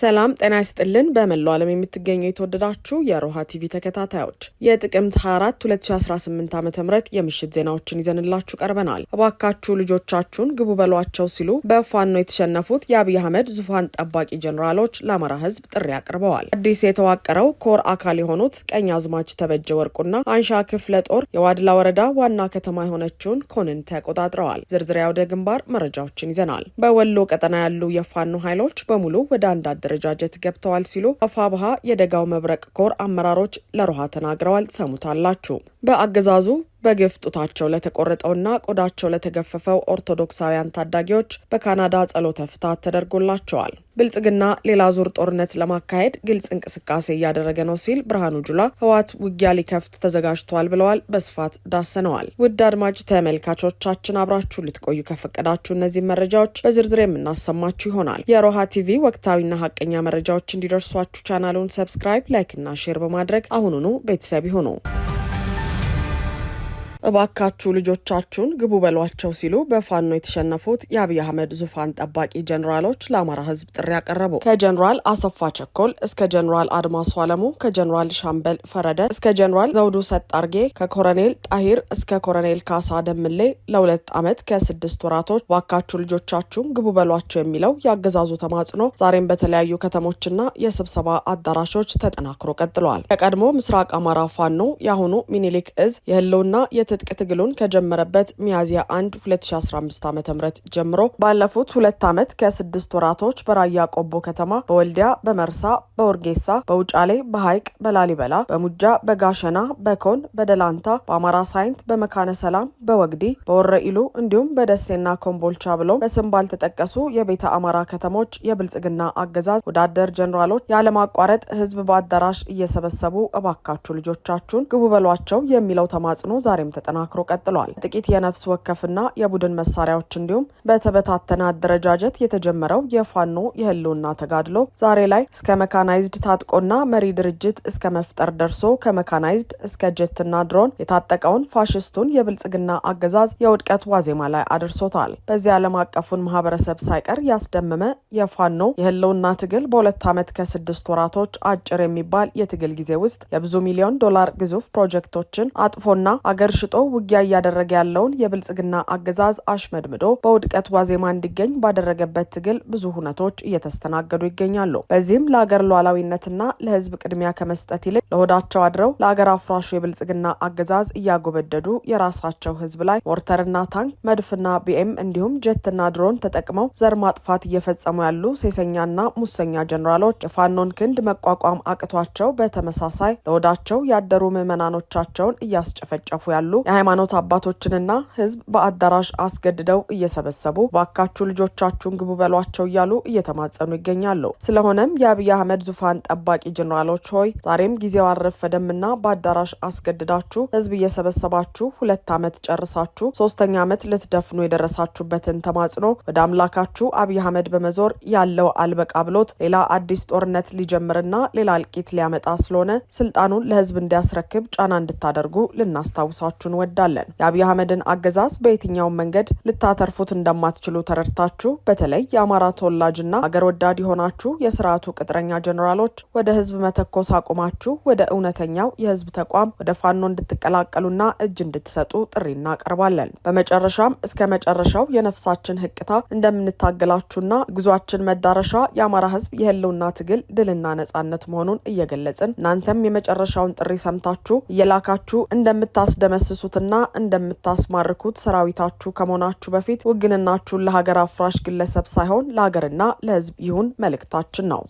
ሰላም ጤና ይስጥልን። በመላው ዓለም የምትገኙ የተወደዳችሁ የሮሃ ቲቪ ተከታታዮች የጥቅምት 24 2018 ዓ ም የምሽት ዜናዎችን ይዘንላችሁ ቀርበናል። እባካችሁ ልጆቻችሁን ግቡ በሏቸው ሲሉ በፋኖ የተሸነፉት የአብይ አህመድ ዙፋን ጠባቂ ጀኔራሎች ለአማራ ህዝብ ጥሪ አቅርበዋል። አዲስ የተዋቀረው ኮር አካል የሆኑት ቀኝ አዝማች ተበጀ ወርቁና አንሻ ክፍለ ጦር የዋድላ ወረዳ ዋና ከተማ የሆነችውን ኮንን ተቆጣጥረዋል። ዝርዝሪያ ወደ ግንባር መረጃዎችን ይዘናል። በወሎ ቀጠና ያሉ የፋኖ ኃይሎች በሙሉ ወደ አንዳደ አደረጃጀት ገብተዋል ሲሉ አፋብሃ የደጋው መብረቅ ኮር አመራሮች ለሮሃ ተናግረዋል። ሰሙታላችሁ። በአገዛዙ በግፍ ጡታቸው ለተቆረጠውና ቆዳቸው ለተገፈፈው ኦርቶዶክሳውያን ታዳጊዎች በካናዳ ጸሎተ ፍትሐት ተደርጎላቸዋል። ብልጽግና ሌላ ዙር ጦርነት ለማካሄድ ግልጽ እንቅስቃሴ እያደረገ ነው ሲል ብርሃኑ ጁላ ህወሓት ውጊያ ሊከፍት ተዘጋጅቷል ብለዋል። በስፋት ዳሰነዋል። ውድ አድማጭ ተመልካቾቻችን አብራችሁ ልትቆዩ ከፈቀዳችሁ እነዚህ መረጃዎች በዝርዝር የምናሰማችሁ ይሆናል። የሮሃ ቲቪ ወቅታዊና ሀቀኛ መረጃዎች እንዲደርሷችሁ ቻናሉን ሰብስክራይብ፣ ላይክና ሼር በማድረግ አሁኑኑ ቤተሰብ ይሁኑ። እባካችሁ ልጆቻችሁን ግቡ በሏቸው ሲሉ በፋኖ የተሸነፉት የአብይ አህመድ ዙፋን ጠባቂ ጀኔራሎች ለአማራ ህዝብ ጥሪ አቀረቡ። ከጀኔራል አሰፋ ቸኮል እስከ ጀኔራል አድማሱ አለሙ፣ ከጀኔራል ሻምበል ፈረደ እስከ ጀኔራል ዘውዱ ሰጣርጌ፣ ከኮረኔል ጣሂር እስከ ኮረኔል ካሳ ደምሌ ለሁለት ዓመት ከስድስት ወራቶች እባካችሁ ልጆቻችሁን ግቡ በሏቸው የሚለው የአገዛዙ ተማጽኖ ዛሬም በተለያዩ ከተሞችና የስብሰባ አዳራሾች ተጠናክሮ ቀጥሏል። ከቀድሞ ምስራቅ አማራ ፋኖ የአሁኑ ሚኒሊክ እዝ የህልውና የት የትጥቅ ትግሉን ከጀመረበት ሚያዝያ 1 2015 ዓ ም ጀምሮ ባለፉት ሁለት ዓመት ከስድስት ወራቶች በራያ ቆቦ ከተማ፣ በወልዲያ፣ በመርሳ፣ በወርጌሳ፣ በውጫሌ፣ በሐይቅ፣ በላሊበላ፣ በሙጃ፣ በጋሸና፣ በኮን፣ በደላንታ፣ በአማራ ሳይንት፣ በመካነ ሰላም፣ በወግዲ፣ በወረኢሉ እንዲሁም በደሴና ኮምቦልቻ ብሎም በስም ባልተጠቀሱ የቤተ አማራ ከተሞች የብልጽግና አገዛዝ ወዳደር ጀኔራሎች ያለማቋረጥ ህዝብ በአዳራሽ እየሰበሰቡ እባካችሁ ልጆቻችሁን ግቡ በሏቸው የሚለው ተማጽኖ ዛሬም ተጠናክሮ ቀጥሏል። ጥቂት የነፍስ ወከፍና የቡድን መሳሪያዎች እንዲሁም በተበታተነ አደረጃጀት የተጀመረው የፋኖ የህልውና ተጋድሎ ዛሬ ላይ እስከ መካናይዝድ ታጥቆና መሪ ድርጅት እስከ መፍጠር ደርሶ ከመካናይዝድ እስከ ጀትና ድሮን የታጠቀውን ፋሽስቱን የብልጽግና አገዛዝ የውድቀት ዋዜማ ላይ አድርሶታል። በዚህ ዓለም አቀፉን ማህበረሰብ ሳይቀር ያስደመመ የፋኖ የህልውና ትግል በሁለት ዓመት ከስድስት ወራቶች አጭር የሚባል የትግል ጊዜ ውስጥ የብዙ ሚሊዮን ዶላር ግዙፍ ፕሮጀክቶችን አጥፎና አገር ሽጦ ውጊያ እያደረገ ያለውን የብልጽግና አገዛዝ አሽመድምዶ በውድቀት ዋዜማ እንዲገኝ ባደረገበት ትግል ብዙ ሁነቶች እየተስተናገዱ ይገኛሉ። በዚህም ለአገር ሉዓላዊነትና ለህዝብ ቅድሚያ ከመስጠት ይልቅ ለሆዳቸው አድረው ለአገር አፍራሹ የብልጽግና አገዛዝ እያጎበደዱ የራሳቸው ህዝብ ላይ ሞርተርና ታንክ፣ መድፍና ቢኤም እንዲሁም ጀትና ድሮን ተጠቅመው ዘር ማጥፋት እየፈጸሙ ያሉ ሴሰኛና ሙሰኛ ጀኔራሎች የፋኖን ክንድ መቋቋም አቅቷቸው በተመሳሳይ ለሆዳቸው ያደሩ ምዕመናኖቻቸውን እያስጨፈጨፉ ያሉ የሃይማኖት አባቶችንና ህዝብ በአዳራሽ አስገድደው እየሰበሰቡ ባካችሁ ልጆቻችሁን ግቡ በሏቸው እያሉ እየተማጸኑ ይገኛሉ። ስለሆነም የአብይ አህመድ ዙፋን ጠባቂ ጀኔራሎች ሆይ ዛሬም ጊዜው አልረፈደምና በአዳራሽ አስገድዳችሁ ህዝብ እየሰበሰባችሁ ሁለት ዓመት ጨርሳችሁ ሶስተኛ ዓመት ልትደፍኑ የደረሳችሁበትን ተማጽኖ ወደ አምላካችሁ አብይ አህመድ በመዞር ያለው አልበቃ ብሎት ሌላ አዲስ ጦርነት ሊጀምርና ሌላ እልቂት ሊያመጣ ስለሆነ ስልጣኑን ለህዝብ እንዲያስረክብ ጫና እንድታደርጉ ልናስታውሳችሁ ልንላችሁ እንወዳለን። የአብይ አህመድን አገዛዝ በየትኛውም መንገድ ልታተርፉት እንደማትችሉ ተረድታችሁ በተለይ የአማራ ተወላጅና አገር ወዳድ የሆናችሁ የስርዓቱ ቅጥረኛ ጀኔራሎች ወደ ህዝብ መተኮስ አቁማችሁ ወደ እውነተኛው የህዝብ ተቋም ወደ ፋኖ እንድትቀላቀሉና እጅ እንድትሰጡ ጥሪ እናቀርባለን። በመጨረሻም እስከ መጨረሻው የነፍሳችን ህቅታ እንደምንታገላችሁና ጉዟችን መዳረሻ የአማራ ህዝብ የህልውና ትግል ድልና ነጻነት መሆኑን እየገለጽን እናንተም የመጨረሻውን ጥሪ ሰምታችሁ እየላካችሁ እንደምታስደመስሱ እንደምትዳስሱትና እንደምታስማርኩት ሰራዊታችሁ ከመሆናችሁ በፊት ውግንናችሁን ለሀገር አፍራሽ ግለሰብ ሳይሆን ለሀገርና ለሕዝብ ይሁን መልእክታችን ነው።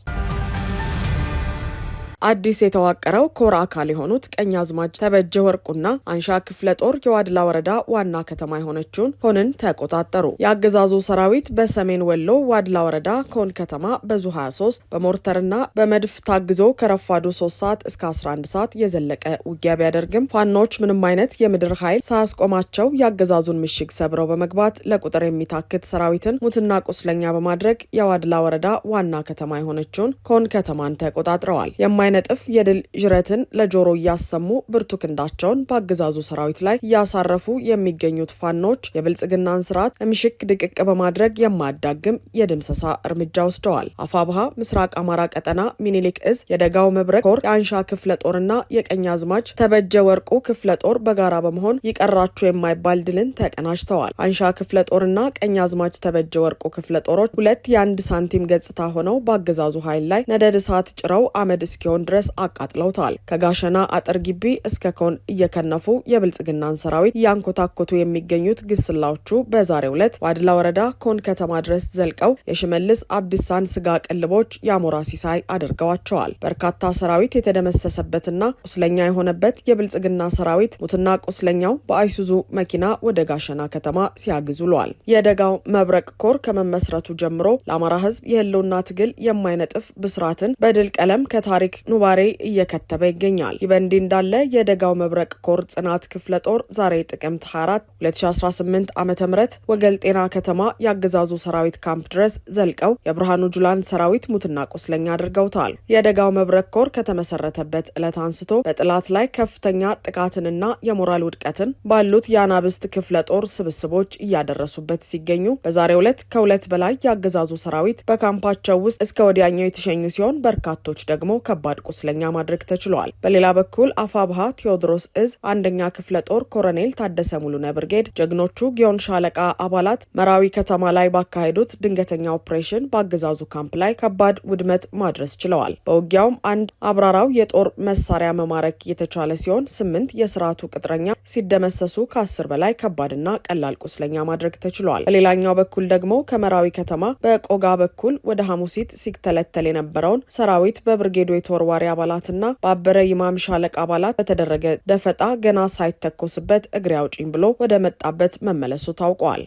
አዲስ የተዋቀረው ኮር አካል የሆኑት ቀኝ አዝማጅ ተበጀ ወርቁና አንሻ ክፍለ ጦር የዋድላ ወረዳ ዋና ከተማ የሆነችውን ኮንን ተቆጣጠሩ። የአገዛዙ ሰራዊት በሰሜን ወሎ ዋድላ ወረዳ ኮን ከተማ በዙ 23 በሞርተርና በመድፍ ታግዞ ከረፋዱ 3 ሰዓት እስከ 11 ሰዓት የዘለቀ ውጊያ ቢያደርግም ፋኖች ምንም አይነት የምድር ኃይል ሳያስቆማቸው የአገዛዙን ምሽግ ሰብረው በመግባት ለቁጥር የሚታክት ሰራዊትን ሙትና ቁስለኛ በማድረግ የዋድላ ወረዳ ዋና ከተማ የሆነችውን ኮን ከተማን ተቆጣጥረዋል። የማ የማይነጥፍ የድል ጅረትን ለጆሮ እያሰሙ ብርቱ ክንዳቸውን በአገዛዙ ሰራዊት ላይ እያሳረፉ የሚገኙት ፋኖች የብልጽግናን ስርዓት ምሽክ ድቅቅ በማድረግ የማያዳግም የድምሰሳ እርምጃ ወስደዋል። አፋብሃ ምስራቅ አማራ ቀጠና ሚኒሊክ እዝ የደጋው መብረቅ ኮር የአንሻ ክፍለ ጦርና የቀኛዝማች ተበጀ ወርቁ ክፍለ ጦር በጋራ በመሆን ይቀራችሁ የማይባል ድልን ተቀናጅተዋል። አንሻ ክፍለ ጦርና ቀኛዝማች ተበጀ ወርቁ ክፍለ ጦሮች ሁለት የአንድ ሳንቲም ገጽታ ሆነው በአገዛዙ ኃይል ላይ ነደድ እሳት ጭረው አመድ እስኪሆን እስካሁን ድረስ አቃጥለውታል። ከጋሸና አጥር ግቢ እስከ ኮን እየከነፉ የብልጽግናን ሰራዊት እያንኮታኮቱ የሚገኙት ግስላዎቹ በዛሬው ዕለት ዋድላ ወረዳ ኮን ከተማ ድረስ ዘልቀው የሽመልስ አብዲሳን ስጋ ቅልቦች የአሞራ ሲሳይ አድርገዋቸዋል። በርካታ ሰራዊት የተደመሰሰበትና ቁስለኛ የሆነበት የብልጽግና ሰራዊት ሙትና ቁስለኛው በአይሱዙ መኪና ወደ ጋሸና ከተማ ሲያግዝ ውሏል። የደጋው መብረቅ ኮር ከመመስረቱ ጀምሮ ለአማራ ሕዝብ የህልውና ትግል የማይነጥፍ ብስራትን በድል ቀለም ከታሪክ ኑባሬ እየከተበ ይገኛል። ይህ በእንዲህ እንዳለ የደጋው መብረቅ ኮር ጽናት ክፍለ ጦር ዛሬ ጥቅምት 24 2018 ዓ ም ወገል ጤና ከተማ የአገዛዙ ሰራዊት ካምፕ ድረስ ዘልቀው የብርሃኑ ጁላን ሰራዊት ሙትና ቁስለኛ አድርገውታል። የደጋው መብረቅ ኮር ከተመሰረተበት ዕለት አንስቶ በጥላት ላይ ከፍተኛ ጥቃትንና የሞራል ውድቀትን ባሉት የአናብስት ክፍለ ጦር ስብስቦች እያደረሱበት ሲገኙ በዛሬው ዕለት ከሁለት በላይ የአገዛዙ ሰራዊት በካምፓቸው ውስጥ እስከ ወዲያኛው የተሸኙ ሲሆን በርካቶች ደግሞ ከባድ ከባድ ቁስለኛ ማድረግ ተችሏል። በሌላ በኩል አፋብሃ ቴዎድሮስ እዝ አንደኛ ክፍለ ጦር ኮረኔል ታደሰ ሙሉነ ብርጌድ ጀግኖቹ ጊዮን ሻለቃ አባላት መራዊ ከተማ ላይ ባካሄዱት ድንገተኛ ኦፕሬሽን በአገዛዙ ካምፕ ላይ ከባድ ውድመት ማድረስ ችለዋል። በውጊያውም አንድ አብራራው የጦር መሳሪያ መማረክ የተቻለ ሲሆን ስምንት የስርዓቱ ቅጥረኛ ሲደመሰሱ ከአስር በላይ ከባድና ቀላል ቁስለኛ ማድረግ ተችሏል። በሌላኛው በኩል ደግሞ ከመራዊ ከተማ በቆጋ በኩል ወደ ሐሙሲት ሲተለተል የነበረውን ሰራዊት በብርጌዱ የተወር ተወርዋሪ አባላትና በአበረ ይማም ሻለቃ አባላት በተደረገ ደፈጣ ገና ሳይተኮስበት እግሬ አውጪኝ ብሎ ወደ መጣበት መመለሱ ታውቋል።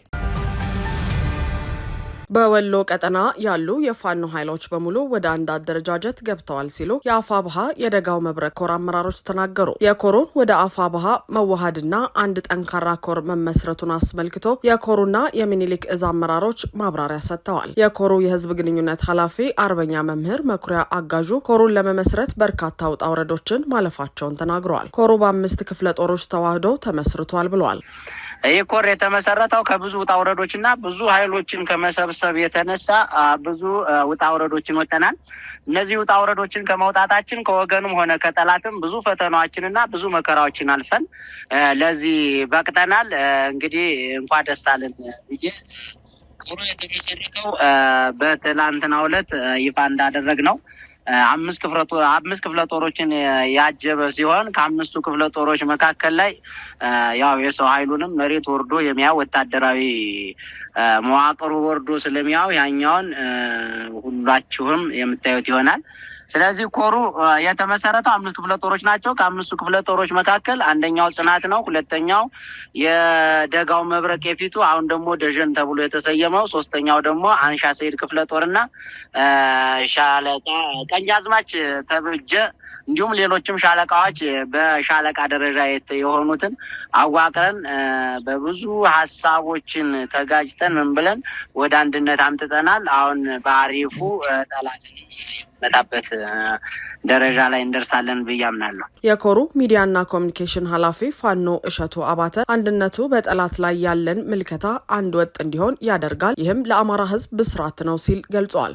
በወሎ ቀጠና ያሉ የፋኖ ኃይሎች በሙሉ ወደ አንድ አደረጃጀት ገብተዋል ሲሉ የአፋ ባሃ የደጋው መብረቅ ኮር አመራሮች ተናገሩ። የኮሩን ወደ አፋ ባሃ መዋሃድና አንድ ጠንካራ ኮር መመስረቱን አስመልክቶ የኮሩና የሚኒሊክ እዝ አመራሮች ማብራሪያ ሰጥተዋል። የኮሩ የህዝብ ግንኙነት ኃላፊ አርበኛ መምህር መኩሪያ አጋዡ ኮሩን ለመመስረት በርካታ ውጣ ውረዶችን ማለፋቸውን ተናግረዋል። ኮሩ በአምስት ክፍለ ጦሮች ተዋህዶ ተመስርቷል ብለዋል። ይህ ኮር የተመሰረተው ከብዙ ውጣ እና ብዙ ኃይሎችን ከመሰብሰብ የተነሳ ብዙ ውጣ ውረዶችን ወጥተናል። እነዚህ ውጣ ከመውጣታችን ከወገንም ሆነ ከጠላትም ብዙ ፈተናዎችን እና ብዙ መከራዎችን አልፈን ለዚህ በቅተናል። እንግዲህ እንኳን ደስ አለን ብዬ ኮሩ የተመሰረተው በትላንትናው ዕለት ይፋ እንዳደረግ ነው አምስት ክፍለ ጦሮችን ያጀበ ሲሆን ከአምስቱ ክፍለ ጦሮች መካከል ላይ ያው የሰው ኃይሉንም መሬት ወርዶ የሚያው ወታደራዊ መዋቅሩ ወርዶ ስለሚያው ያኛውን ሁላችሁም የምታዩት ይሆናል። ስለዚህ ኮሩ የተመሰረተው አምስት ክፍለ ጦሮች ናቸው። ከአምስቱ ክፍለ ጦሮች መካከል አንደኛው ጽናት ነው። ሁለተኛው የደጋው መብረቅ የፊቱ አሁን ደግሞ ደዥን ተብሎ የተሰየመው፣ ሶስተኛው ደግሞ አንሻ ሰይድ ክፍለ ጦርና ሻለቃ ቀኛዝማች ተብጀ እንዲሁም ሌሎችም ሻለቃዎች በሻለቃ ደረጃ የሆኑትን አዋቅረን በብዙ ሀሳቦችን ተጋጭተን ምን ብለን ወደ አንድነት አምጥተናል። አሁን በአሪፉ ጠላትን የምንመጣበት ደረጃ ላይ እንደርሳለን ብዬ አምናለሁ። የኮሩ ሚዲያና ኮሚኒኬሽን ኃላፊ ፋኖ እሸቱ አባተ አንድነቱ በጠላት ላይ ያለን ምልከታ አንድ ወጥ እንዲሆን ያደርጋል፣ ይህም ለአማራ ሕዝብ ብስራት ነው ሲል ገልጸዋል።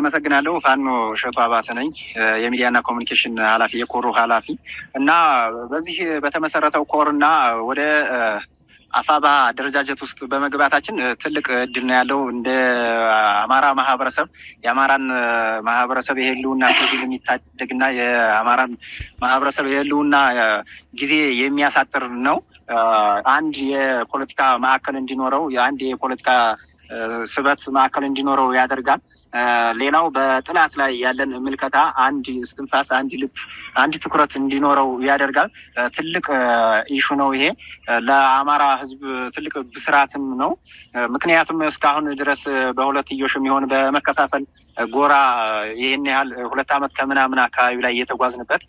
አመሰግናለሁ። ፋኖ እሸቱ አባተ ነኝ የሚዲያና ኮሚኒኬሽን ኃላፊ የኮሩ ኃላፊ እና በዚህ በተመሰረተው ኮርና ወደ አፋባ አደረጃጀት ውስጥ በመግባታችን ትልቅ እድል ነው ያለው። እንደ አማራ ማህበረሰብ የአማራን ማህበረሰብ የህልውና ትግል የሚታደግና የአማራን ማህበረሰብ የህልውና ጊዜ የሚያሳጥር ነው። አንድ የፖለቲካ ማዕከል እንዲኖረው አንድ የፖለቲካ ስበት ማዕከል እንዲኖረው ያደርጋል። ሌላው በጥናት ላይ ያለን ምልከታ አንድ እስትንፋስ፣ አንድ ልብ፣ አንድ ትኩረት እንዲኖረው ያደርጋል። ትልቅ ኢሹ ነው ይሄ ለአማራ ሕዝብ ትልቅ ብስራትም ነው። ምክንያቱም እስካሁን ድረስ በሁለትዮሽ የሚሆን በመከፋፈል ጎራ ይህን ያህል ሁለት ዓመት ከምናምን አካባቢ ላይ የተጓዝንበት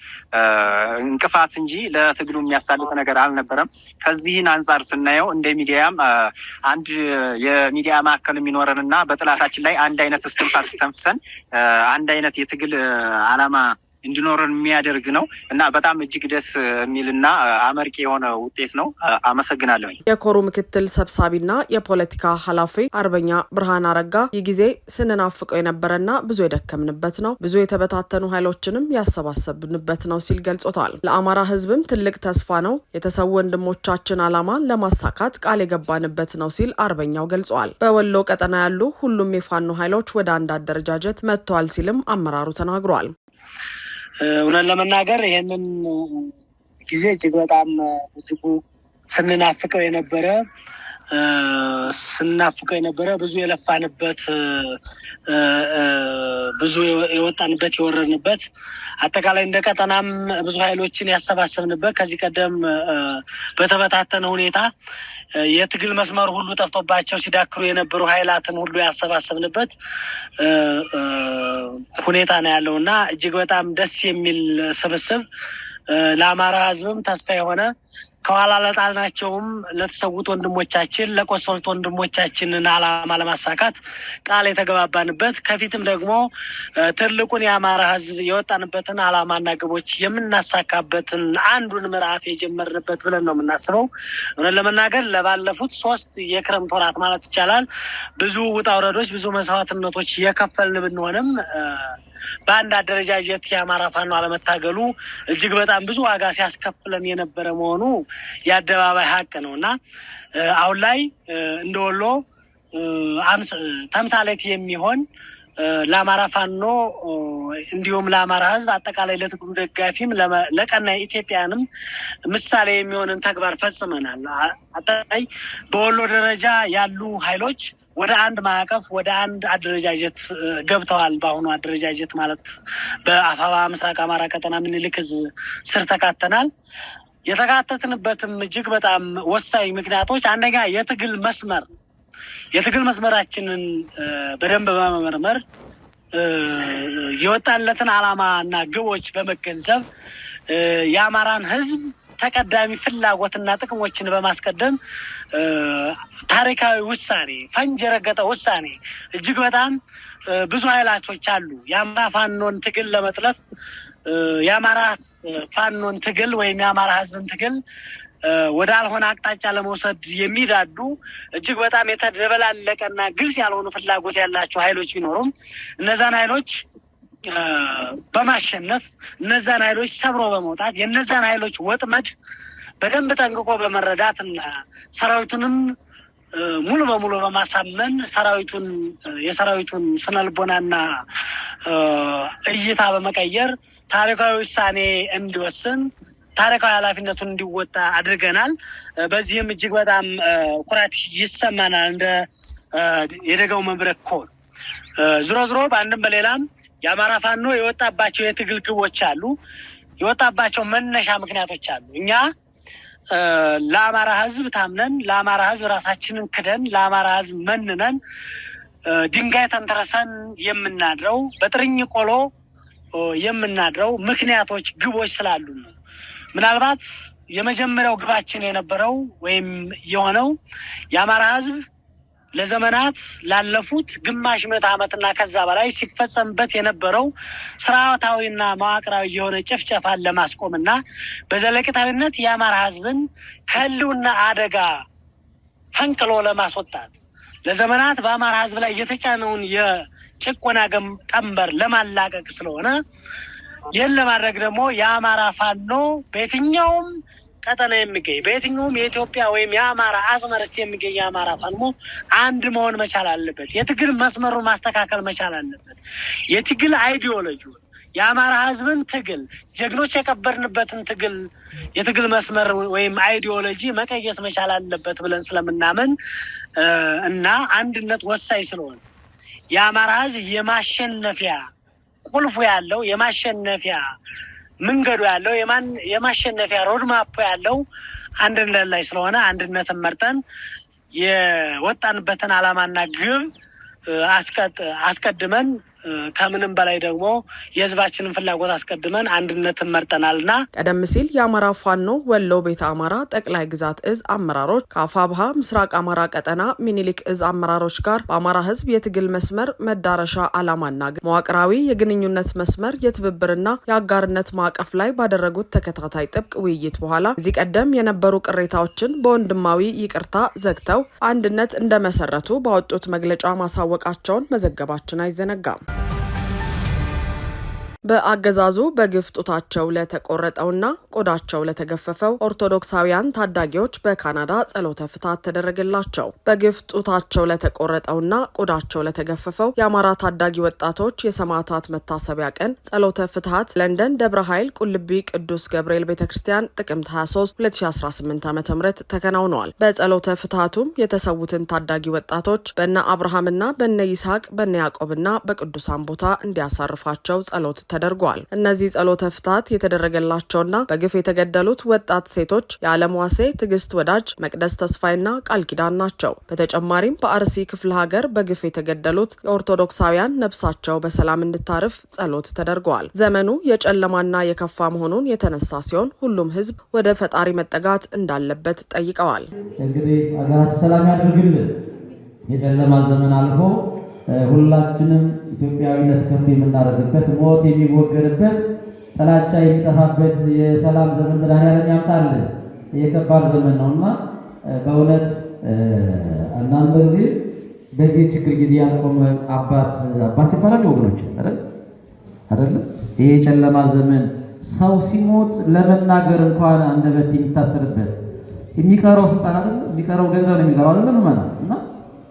እንቅፋት እንጂ ለትግሉ የሚያሳልፍ ነገር አልነበረም። ከዚህን አንጻር ስናየው እንደ ሚዲያም አንድ የሚዲያ ማዕከል የሚኖረን እና በጥላታችን ላይ አንድ አይነት እስትንፋስ ተንፍሰን አንድ አይነት የትግል አላማ እንዲኖረን የሚያደርግ ነው እና በጣም እጅግ ደስ የሚልና አመርቂ የሆነ ውጤት ነው። አመሰግናለሁ። የኮሩ ምክትል ሰብሳቢና የፖለቲካ ኃላፊ አርበኛ ብርሃን አረጋ ይህ ጊዜ ስንናፍቀው የነበረና ብዙ የደከምንበት ነው፣ ብዙ የተበታተኑ ኃይሎችንም ያሰባሰብንበት ነው ሲል ገልጾታል። ለአማራ ህዝብም ትልቅ ተስፋ ነው። የተሰው ወንድሞቻችን ዓላማ ለማሳካት ቃል የገባንበት ነው ሲል አርበኛው ገልጿል። በወሎ ቀጠና ያሉ ሁሉም የፋኖ ኃይሎች ወደ አንድ አደረጃጀት መጥተዋል ሲልም አመራሩ ተናግሯል። እውነት ለመናገር ይሄንን ጊዜ እጅግ በጣም እጅጉ ስንናፍቀው የነበረ ስናፍቀው የነበረ ብዙ የለፋንበት ብዙ የወጣንበት የወረድንበት አጠቃላይ እንደ ቀጠናም ብዙ ኃይሎችን ያሰባሰብንበት ከዚህ ቀደም በተበታተነ ሁኔታ የትግል መስመር ሁሉ ጠፍቶባቸው ሲዳክሩ የነበሩ ኃይላትን ሁሉ ያሰባሰብንበት ሁኔታ ነው ያለው እና እጅግ በጣም ደስ የሚል ስብስብ ለአማራ ህዝብም ተስፋ የሆነ ከኋላ ለጣልናቸውም ለተሰዉት ወንድሞቻችን ለቆሰሉት ወንድሞቻችንን አላማ ለማሳካት ቃል የተገባባንበት ከፊትም ደግሞ ትልቁን የአማራ ህዝብ የወጣንበትን ዓላማና ግቦች የምናሳካበትን አንዱን ምዕራፍ የጀመርንበት ብለን ነው የምናስበው። እውነት ለመናገር ለባለፉት ሶስት የክረምት ወራት ማለት ይቻላል ብዙ ውጣ ውረዶች፣ ብዙ መስዋዕትነቶች የከፈልን ብንሆንም በአንድ አደረጃጀት የአማራ ፋኖ አለመታገሉ እጅግ በጣም ብዙ ዋጋ ሲያስከፍለን የነበረ መሆኑ የአደባባይ ሀቅ ነው እና አሁን ላይ እንደ ወሎ ተምሳሌት የሚሆን ለአማራ ፋኖ እንዲሁም ለአማራ ህዝብ አጠቃላይ ለትግሉ ደጋፊም ለቀና ኢትዮጵያንም ምሳሌ የሚሆንን ተግባር ፈጽመናል። አጠቃላይ በወሎ ደረጃ ያሉ ሀይሎች ወደ አንድ ማዕቀፍ ወደ አንድ አደረጃጀት ገብተዋል። በአሁኑ አደረጃጀት ማለት በአፋባ ምስራቅ አማራ ቀጠና ምንልክዝ ስር ተካተናል። የተካተትንበትም እጅግ በጣም ወሳኝ ምክንያቶች አንደኛ የትግል መስመር የትግል መስመራችንን በደንብ በመመርመር የወጣለትን ዓላማ እና ግቦች በመገንዘብ የአማራን ህዝብ ተቀዳሚ ፍላጎትና ጥቅሞችን በማስቀደም ታሪካዊ ውሳኔ፣ ፈንጅ የረገጠ ውሳኔ እጅግ በጣም ብዙ ኃይላቶች አሉ። የአማራ ፋኖን ትግል ለመጥለፍ የአማራ ፋኖን ትግል ወይም የአማራ ህዝብን ትግል ወደ አልሆነ አቅጣጫ ለመውሰድ የሚዳዱ እጅግ በጣም የተደበላለቀና ግልጽ ያልሆኑ ፍላጎት ያላቸው ኃይሎች ቢኖሩም እነዛን ኃይሎች በማሸነፍ እነዛን ኃይሎች ሰብሮ በመውጣት የእነዛን ኃይሎች ወጥመድ በደንብ ጠንቅቆ በመረዳት እና ሰራዊቱንም ሙሉ በሙሉ በማሳመን ሰራዊቱን የሰራዊቱን ስነልቦናና እይታ በመቀየር ታሪካዊ ውሳኔ እንዲወስን ታሪካዊ ኃላፊነቱን እንዲወጣ አድርገናል። በዚህም እጅግ በጣም ኩራት ይሰማናል እንደ የደጋው መብረክ ኮር። ዝሮ ዝሮ በአንድም በሌላም የአማራ ፋኖ የወጣባቸው የትግል ግቦች አሉ፣ የወጣባቸው መነሻ ምክንያቶች አሉ። እኛ ለአማራ ሕዝብ ታምነን ለአማራ ሕዝብ ራሳችንን ክደን ለአማራ ሕዝብ መንነን ድንጋይ ተንተረሰን የምናድረው በጥርኝ ቆሎ የምናድረው ምክንያቶች፣ ግቦች ስላሉ ነው። ምናልባት የመጀመሪያው ግባችን የነበረው ወይም የሆነው የአማራ ህዝብ ለዘመናት ላለፉት ግማሽ ምዕተ ዓመትና ከዛ በላይ ሲፈጸምበት የነበረው ስርዓታዊና መዋቅራዊ የሆነ ጭፍጨፋን ለማስቆምና በዘለቂታዊነት የአማራ ህዝብን ከህልውና አደጋ ፈንቅሎ ለማስወጣት ለዘመናት በአማራ ህዝብ ላይ የተጫነውን የጭቆና ቀንበር ለማላቀቅ ስለሆነ ይህን ለማድረግ ደግሞ የአማራ ፋኖ በየትኛውም ቀጠና የሚገኝ በየትኛውም የኢትዮጵያ ወይም የአማራ አጽመርስት የሚገኝ የአማራ ፋኖ አንድ መሆን መቻል አለበት። የትግል መስመሩን ማስተካከል መቻል አለበት። የትግል አይዲዮሎጂ የአማራ ህዝብን ትግል ጀግኖች የቀበርንበትን ትግል የትግል መስመር ወይም አይዲዮሎጂ መቀየስ መቻል አለበት ብለን ስለምናምን እና አንድነት ወሳኝ ስለሆነ የአማራ ህዝብ የማሸነፊያ ቁልፉ ያለው የማሸነፊያ መንገዱ ያለው የማሸነፊያ ሮድማፕ ያለው አንድነት ላይ ስለሆነ አንድነትን መርጠን የወጣንበትን አላማና ግብ አስቀድመን ከምንም በላይ ደግሞ የህዝባችንን ፍላጎት አስቀድመን አንድነትን መርጠናልና ቀደም ሲል የአማራ ፋኖ ወሎ ቤተ አማራ ጠቅላይ ግዛት እዝ አመራሮች ከአፋብሃ ምስራቅ አማራ ቀጠና ሚኒሊክ እዝ አመራሮች ጋር በአማራ ህዝብ የትግል መስመር መዳረሻ አላማና መዋቅራዊ የግንኙነት መስመር የትብብርና የአጋርነት ማዕቀፍ ላይ ባደረጉት ተከታታይ ጥብቅ ውይይት በኋላ እዚህ ቀደም የነበሩ ቅሬታዎችን በወንድማዊ ይቅርታ ዘግተው አንድነት እንደመሰረቱ ባወጡት መግለጫ ማሳወቃቸውን መዘገባችን አይዘነጋም። በአገዛዙ በግፍ ጡታቸው ለተቆረጠውና ቆዳቸው ለተገፈፈው ኦርቶዶክሳውያን ታዳጊዎች በካናዳ ጸሎተ ፍትሐት ተደረገላቸው። በግፍ ጡታቸው ለተቆረጠውና ቆዳቸው ለተገፈፈው የአማራ ታዳጊ ወጣቶች የሰማዕታት መታሰቢያ ቀን ጸሎተ ፍትሐት ለንደን ደብረ ኃይል ቁልቢ ቅዱስ ገብርኤል ቤተ ክርስቲያን ጥቅምት 23 2018 ዓ ም ተከናውነዋል። በጸሎተ ፍትሐቱም የተሰዉትን ታዳጊ ወጣቶች በነ አብርሃምና በነ ይስሐቅ በነ ያዕቆብና በቅዱሳን ቦታ እንዲያሳርፋቸው ጸሎት ተደርጓል። እነዚህ ጸሎተ ፍታት የተደረገላቸውና በግፍ የተገደሉት ወጣት ሴቶች የዓለም ዋሴ፣ ትዕግስት ወዳጅ፣ መቅደስ ተስፋይና ቃል ኪዳን ናቸው። በተጨማሪም በአርሲ ክፍለ ሀገር በግፍ የተገደሉት የኦርቶዶክሳውያን ነፍሳቸው በሰላም እንድታርፍ ጸሎት ተደርገዋል። ዘመኑ የጨለማና የከፋ መሆኑን የተነሳ ሲሆን ሁሉም ሕዝብ ወደ ፈጣሪ መጠጋት እንዳለበት ጠይቀዋል። እንግዲህ ሰላም ያድርግልን። የጨለማ ዘመን አልፎ ሁላችንም ኢትዮጵያዊነት ከፍ የምናደርግበት ሞት የሚወገድበት ጥላቻ የሚጠፋበት የሰላም ዘመን መድኃኒዓለም ያምጣልን። የከባድ ዘመን ነውና በእውነት አንዳንድ ጊዜ በዚህ ችግር ጊዜ ያልቆመ አባት አባት ይባላል ወገኖች አይደል አይደል? ይሄ የጨለማ ዘመን ሰው ሲሞት ለመናገር እንኳን አንደበት የሚታሰርበት የሚቀረው ስልጣን አይደል? የሚቀረው ገንዘብ ነው የሚቀረው አይደል? እና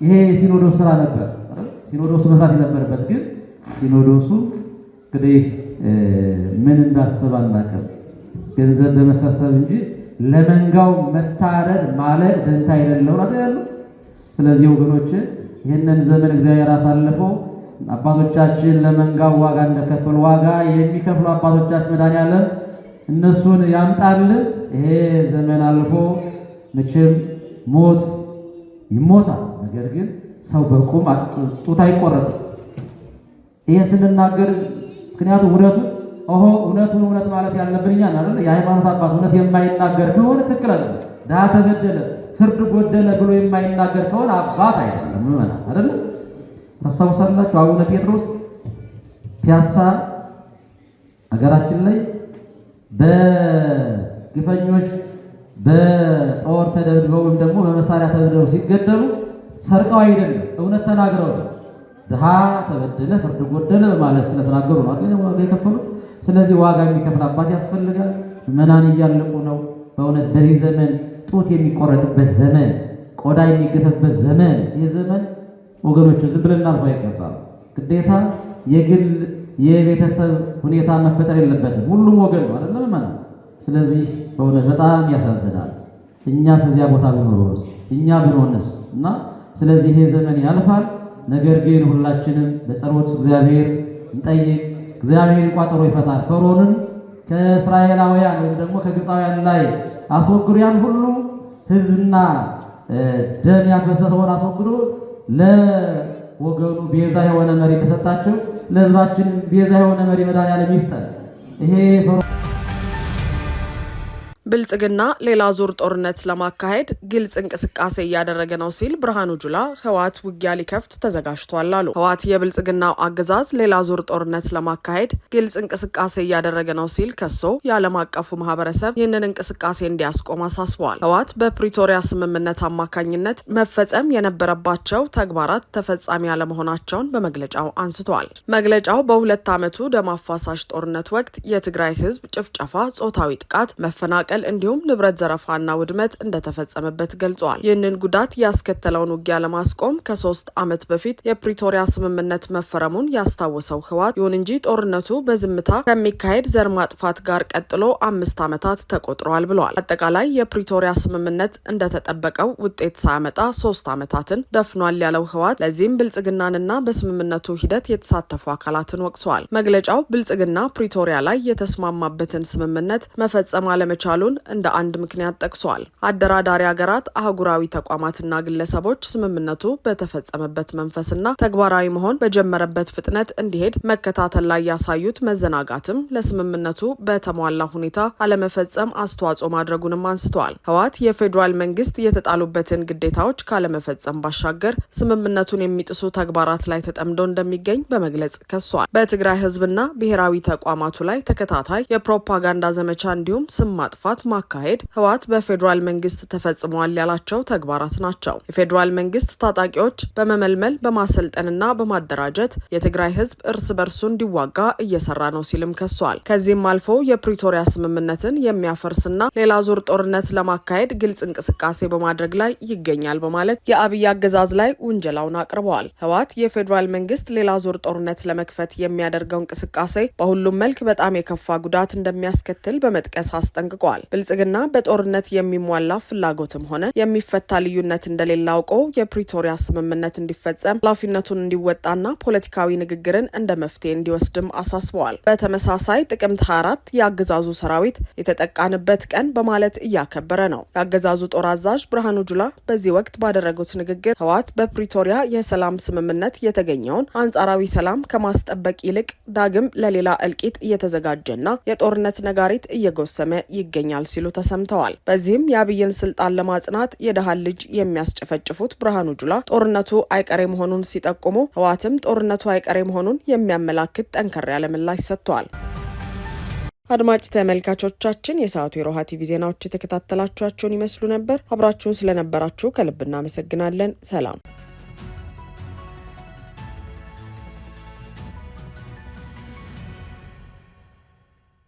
ይሄ የሲኖዶስ ስራ ነበር። ሲኖዶሱ መስራት የነበረበት ግን ሲኖዶሱ እንግዲህ ምን እንዳሰብ አናውቅም። ገንዘብ በመሰብሰብ እንጂ ለመንጋው መታረድ ማለት ደንታ የሌለውን አደ ያሉ። ስለዚህ ወገኖች ይህንን ዘመን እግዚአብሔር አሳልፎ አባቶቻችን ለመንጋው ዋጋ እንደከፈሉ ዋጋ የሚከፍሉ አባቶቻችን መድኃኔዓለም እነሱን ያምጣልን። ይሄ ዘመን አልፎ መቼም ሞት ይሞታል፣ ነገር ግን ሰው በቁም ጡት አይቆረጥም። ይሄን ስንናገር ምክንያቱም እውነቱ ኦሆ እውነቱን እውነት ማለት ያለብን እኛ አይደል? የሃይማኖት አባት እውነት የማይናገር ከሆነ ትክክል አይደለም። ድሀ ተበደለ፣ ፍርድ ጎደለ ብሎ የማይናገር ከሆነ አባት አይደለም አይደል? ታስታውሳላችሁ አቡነ ጴጥሮስ ፒያሳ ሀገራችን ላይ በግፈኞች በጦር ተደብድበው ወይም ደግሞ በመሳሪያ ተደብድበው ሲገደሉ ሰርቀው አይደለም እውነት ተናግረው ድሃ ተበደለ፣ ፍርድ ጎደለ ማለት ስለተናገሩ ነው አይደል ዋጋ የከፈሉት። ስለዚህ ዋጋ የሚከፍል አባት ያስፈልጋል። መናን እያለቁ ነው። በእውነት በዚህ ዘመን ጡት የሚቆረጥበት ዘመን፣ ቆዳ የሚገፈበት ዘመን፣ ይህ ዘመን ወገኖቹ ዝም ብለን ልናልፈው አይገባም። ግዴታ የግል የቤተሰብ ሁኔታ መፈጠር የለበትም። ሁሉም ወገን ነው አይደለም ማለት ነው። ስለዚህ በእውነት በጣም ያሳዝናል። እኛስ እዚያ ቦታ ብንኖርስ እኛ ብንሆንስ እና ስለዚህ ይሄ ዘመን ያልፋል። ነገር ግን ሁላችንም በጸሎት እግዚአብሔር እንጠይቅ። እግዚአብሔር ቋጠሮ ይፈታል። ፈርዖንን ከእስራኤላውያን ወይም ደግሞ ከግብፃውያን ላይ አስወግዶ ያን ሁሉ ሕዝብና ደም ያፈሰሰውን አስወግዶ ለወገኑ ቤዛ የሆነ መሪ ተሰጣቸው። ለሕዝባችን ቤዛ የሆነ መሪ መድኃኒዓለም ይስጠን። ይሄ ብልጽግና ሌላ ዙር ጦርነት ለማካሄድ ግልጽ እንቅስቃሴ እያደረገ ነው ሲል ብርሃኑ ጁላ ህወሓት ውጊያ ሊከፍት ተዘጋጅቷል አሉ። ህወሓት የብልጽግናው አገዛዝ ሌላ ዙር ጦርነት ለማካሄድ ግልጽ እንቅስቃሴ እያደረገ ነው ሲል ከሶ የዓለም አቀፉ ማህበረሰብ ይህንን እንቅስቃሴ እንዲያስቆም አሳስበዋል። ህወሓት በፕሪቶሪያ ስምምነት አማካኝነት መፈጸም የነበረባቸው ተግባራት ተፈጻሚ አለመሆናቸውን በመግለጫው አንስተዋል። መግለጫው በሁለት ዓመቱ ደም አፋሳሽ ጦርነት ወቅት የትግራይ ህዝብ ጭፍጨፋ፣ ጾታዊ ጥቃት፣ መፈናቀል መፈናቀል እንዲሁም ንብረት ዘረፋና ውድመት እንደተፈጸመበት ገልጿል። ይህንን ጉዳት ያስከተለውን ውጊያ ለማስቆም ከሶስት ዓመት በፊት የፕሪቶሪያ ስምምነት መፈረሙን ያስታወሰው ህወሓት ይሁን እንጂ ጦርነቱ በዝምታ ከሚካሄድ ዘር ማጥፋት ጋር ቀጥሎ አምስት ዓመታት ተቆጥረዋል ብለዋል። አጠቃላይ የፕሪቶሪያ ስምምነት እንደተጠበቀው ውጤት ሳያመጣ ሶስት ዓመታትን ደፍኗል ያለው ህወሓት ለዚህም ብልጽግናንና በስምምነቱ ሂደት የተሳተፉ አካላትን ወቅሰዋል። መግለጫው ብልጽግና ፕሪቶሪያ ላይ የተስማማበትን ስምምነት መፈጸም አለመቻሉ መባሉን እንደ አንድ ምክንያት ጠቅሷል። አደራዳሪ ሀገራት አህጉራዊ ተቋማትና ግለሰቦች ስምምነቱ በተፈጸመበት መንፈስና ተግባራዊ መሆን በጀመረበት ፍጥነት እንዲሄድ መከታተል ላይ ያሳዩት መዘናጋትም ለስምምነቱ በተሟላ ሁኔታ አለመፈጸም አስተዋጽኦ ማድረጉንም አንስተዋል። ህወሓት የፌዴራል መንግስት የተጣሉበትን ግዴታዎች ካለመፈጸም ባሻገር ስምምነቱን የሚጥሱ ተግባራት ላይ ተጠምዶ እንደሚገኝ በመግለጽ ከሷል። በትግራይ ህዝብና ብሔራዊ ተቋማቱ ላይ ተከታታይ የፕሮፓጋንዳ ዘመቻ እንዲሁም ስም ማጥፋት ጥቃት ማካሄድ ህወሓት በፌዴራል መንግስት ተፈጽመዋል ያላቸው ተግባራት ናቸው። የፌዴራል መንግስት ታጣቂዎች በመመልመል በማሰልጠንና በማደራጀት የትግራይ ህዝብ እርስ በርሱ እንዲዋጋ እየሰራ ነው ሲልም ከሷል። ከዚህም አልፎ የፕሪቶሪያ ስምምነትን የሚያፈርስና ሌላ ዙር ጦርነት ለማካሄድ ግልጽ እንቅስቃሴ በማድረግ ላይ ይገኛል በማለት የአብይ አገዛዝ ላይ ውንጀላውን አቅርበዋል። ህወሓት የፌዴራል መንግስት ሌላ ዙር ጦርነት ለመክፈት የሚያደርገው እንቅስቃሴ በሁሉም መልክ በጣም የከፋ ጉዳት እንደሚያስከትል በመጥቀስ አስጠንቅቋል። ብልጽግና በጦርነት የሚሟላ ፍላጎትም ሆነ የሚፈታ ልዩነት እንደሌለ አውቆ የፕሪቶሪያ ስምምነት እንዲፈጸም ኃላፊነቱን እንዲወጣና ፖለቲካዊ ንግግርን እንደ መፍትሄ እንዲወስድም አሳስበዋል። በተመሳሳይ ጥቅምት 24 የአገዛዙ ሰራዊት የተጠቃንበት ቀን በማለት እያከበረ ነው። የአገዛዙ ጦር አዛዥ ብርሃኑ ጁላ በዚህ ወቅት ባደረጉት ንግግር ህወሓት በፕሪቶሪያ የሰላም ስምምነት የተገኘውን አንጻራዊ ሰላም ከማስጠበቅ ይልቅ ዳግም ለሌላ እልቂት እየተዘጋጀና የጦርነት ነጋሪት እየጎሰመ ይገኛል ይገኛል ሲሉ ተሰምተዋል። በዚህም የአብይን ስልጣን ለማጽናት የደሃን ልጅ የሚያስጨፈጭፉት ብርሃኑ ጁላ ጦርነቱ አይቀሬ መሆኑን ሲጠቁሙ፣ ህወሓትም ጦርነቱ አይቀሬ መሆኑን የሚያመላክት ጠንከር ያለ ምላሽ ሰጥተዋል። አድማጭ ተመልካቾቻችን የሰዓቱ የሮሃ ቲቪ ዜናዎች የተከታተላችኋቸውን ይመስሉ ነበር። አብራችሁን ስለነበራችሁ ከልብ እናመሰግናለን። ሰላም